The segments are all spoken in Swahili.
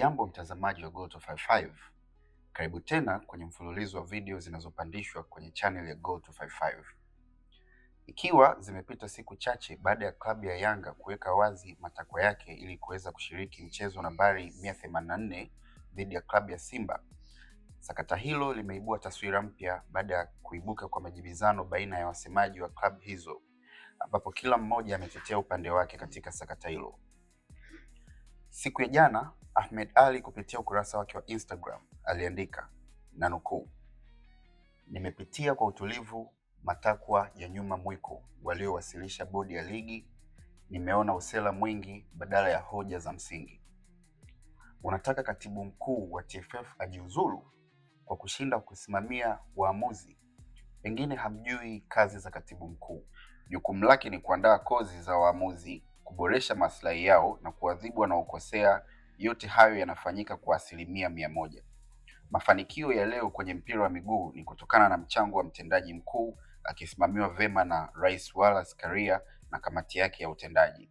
jambo mtazamaji wa GOTO55, Karibu tena kwenye mfululizo wa video zinazopandishwa kwenye channel ya GOTO55. Ikiwa zimepita siku chache baada ya klabu ya Yanga kuweka wazi matakwa yake ili kuweza kushiriki mchezo nambari 184 dhidi ya klabu ya Simba, sakata hilo limeibua taswira mpya baada ya kuibuka kwa majibizano baina ya wasemaji wa klabu hizo, ambapo kila mmoja ametetea upande wake katika sakata hilo. Siku ya jana Ahmed ali kupitia ukurasa wake wa Instagram aliandika na nukuu, nimepitia kwa utulivu matakwa ya nyuma mwiko waliowasilisha bodi ya ligi. Nimeona usela mwingi badala ya hoja za msingi. Unataka katibu mkuu wa TFF ajiuzulu kwa kushinda kusimamia waamuzi? Pengine hamjui kazi za katibu mkuu. Jukumu lake ni kuandaa kozi za waamuzi, kuboresha maslahi yao na kuadhibu wanaokosea yote hayo yanafanyika kwa asilimia mia moja. Mafanikio ya leo kwenye mpira wa miguu ni kutokana na mchango wa mtendaji mkuu akisimamiwa vema na Rais Wallace Karia na kamati yake ya utendaji.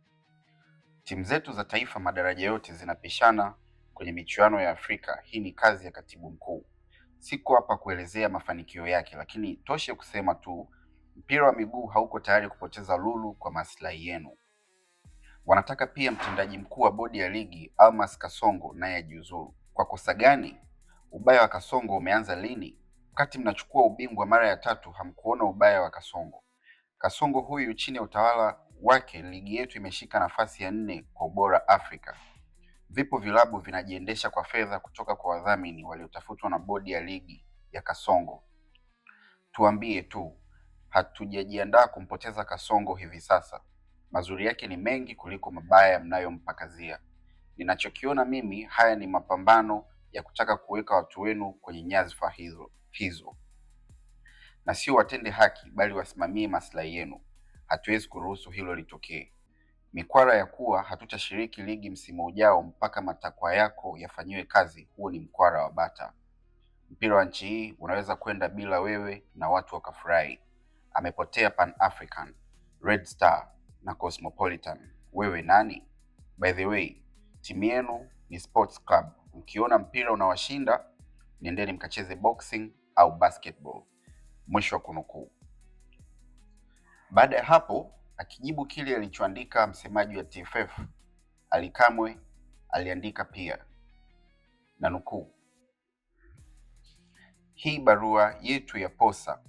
Timu zetu za taifa madaraja yote zinapishana kwenye michuano ya Afrika. Hii ni kazi ya katibu mkuu. Siko hapa kuelezea mafanikio yake, lakini toshe kusema tu mpira wa miguu hauko tayari kupoteza lulu kwa maslahi yenu. Wanataka pia mtendaji mkuu wa bodi ya ligi Almas Kasongo naye ajiuzulu. Kwa kosa gani? Ubaya wa Kasongo umeanza lini? Wakati mnachukua ubingwa mara ya tatu hamkuona ubaya wa Kasongo? Kasongo huyu chini ya utawala wake ligi yetu imeshika nafasi ya nne kwa ubora Afrika. Vipo vilabu vinajiendesha kwa fedha kutoka kwa wadhamini waliotafutwa na bodi ya ligi ya Kasongo. Tuambie tu, hatujajiandaa kumpoteza Kasongo hivi sasa. Mazuri yake ni mengi kuliko mabaya mnayompakazia. Ninachokiona mimi, haya ni mapambano ya kutaka kuweka watu wenu kwenye nyadhifa hizo hizo, na sio watende haki, bali wasimamie maslahi yenu. Hatuwezi kuruhusu hilo litokee. Mikwara ya kuwa hatutashiriki ligi msimu ujao mpaka matakwa yako yafanyiwe kazi, huo ni mkwara wa bata. Mpira wa nchi hii unaweza kwenda bila wewe na watu wakafurahi. Amepotea Pan African Red Star na Cosmopolitan. Wewe nani? By the way, timu yenu ni sports club. Mkiona mpira unawashinda, niendeni mkacheze boxing au basketball. Mwisho wa kunukuu. Baada ya hapo, akijibu kile alichoandika msemaji wa TFF Ali Kamwe aliandika pia na nukuu, hii barua yetu ya posa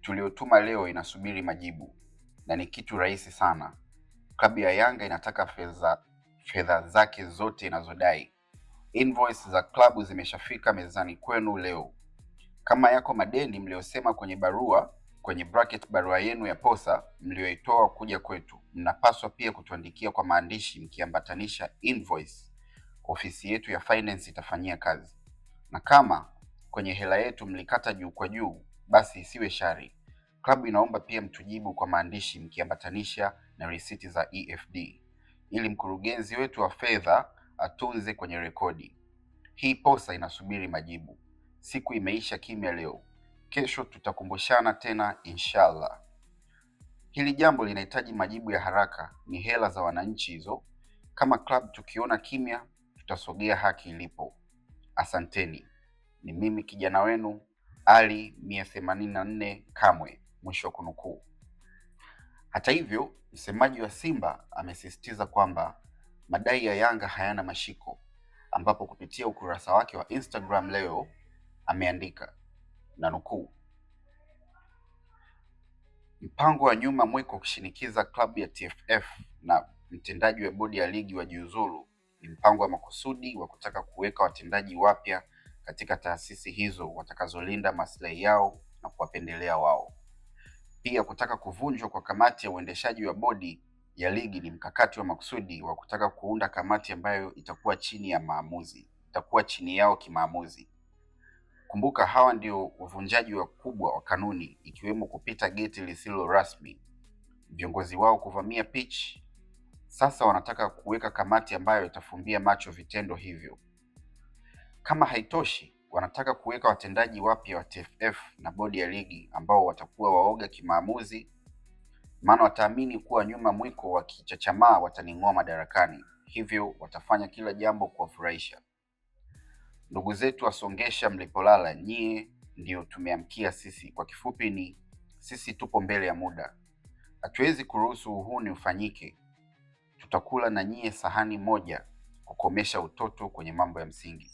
tuliyotuma leo inasubiri majibu na ni kitu rahisi sana. Klabu ya Yanga inataka fedha fedha zake zote inazodai. Invoice za klabu zimeshafika mezani kwenu leo. Kama yako madeni mliyosema kwenye barua kwenye bracket barua yenu ya posa mliyoitoa kuja kwetu, mnapaswa pia kutuandikia kwa maandishi mkiambatanisha invoice. Ofisi yetu ya finance itafanyia kazi, na kama kwenye hela yetu mlikata juu kwa juu, basi isiwe shari. Klabu inaomba pia mtujibu kwa maandishi mkiambatanisha na risiti za EFD ili mkurugenzi wetu wa fedha atunze kwenye rekodi. Hii posa inasubiri majibu. Siku imeisha kimya leo, kesho tutakumbushana tena inshallah. Hili jambo linahitaji majibu ya haraka, ni hela za wananchi hizo. Kama klabu tukiona kimya, tutasogea haki ilipo. Asanteni. Ni mimi kijana wenu Ali mia na nne Kamwe mwisho wa kunukuu. Hata hivyo, msemaji wa Simba amesisitiza kwamba madai ya Yanga hayana mashiko, ambapo kupitia ukurasa wake wa Instagram leo ameandika na nukuu, mpango wa nyuma mwiko kushinikiza klabu ya TFF na mtendaji wa bodi ya ligi wajiuzulu ni mpango wa makusudi wa kutaka kuweka watendaji wapya katika taasisi hizo watakazolinda maslahi yao na kuwapendelea wao. Pia kutaka kuvunjwa kwa kamati ya uendeshaji wa bodi ya ligi ni mkakati wa makusudi wa kutaka kuunda kamati ambayo itakuwa chini ya maamuzi, itakuwa chini yao kimaamuzi. Kumbuka hawa ndio wavunjaji wakubwa wa kanuni, ikiwemo kupita geti lisilo rasmi, viongozi wao kuvamia pitch. Sasa wanataka kuweka kamati ambayo itafumbia macho vitendo hivyo. Kama haitoshi, wanataka kuweka watendaji wapya wa TFF na bodi ya ligi ambao watakuwa waoga kimaamuzi, maana wataamini kuwa nyuma mwiko wakichachamaa wataning'oa madarakani, hivyo watafanya kila jambo kuwafurahisha. Ndugu zetu wasongesha mlipolala, nyie ndio tumeamkia sisi. Kwa kifupi ni sisi tupo mbele ya muda, hatuwezi kuruhusu uhuni ufanyike. Tutakula na nyie sahani moja, kukomesha utoto kwenye mambo ya msingi.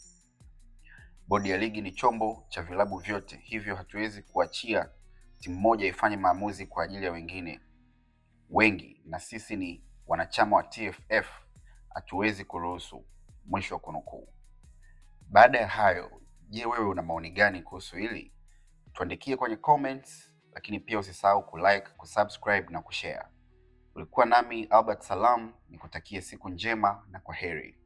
Bodi ya ligi ni chombo cha vilabu vyote, hivyo hatuwezi kuachia timu moja ifanye maamuzi kwa ajili ya wengine wengi, na sisi ni wanachama wa TFF, hatuwezi kuruhusu. Mwisho wa kunukuu. Baada ya hayo, je, wewe una maoni gani kuhusu hili? Tuandikie kwenye comments, lakini pia usisahau kulike, kusubscribe na kushare. Ulikuwa nami Albert Salam, nikutakie siku njema na kwa heri.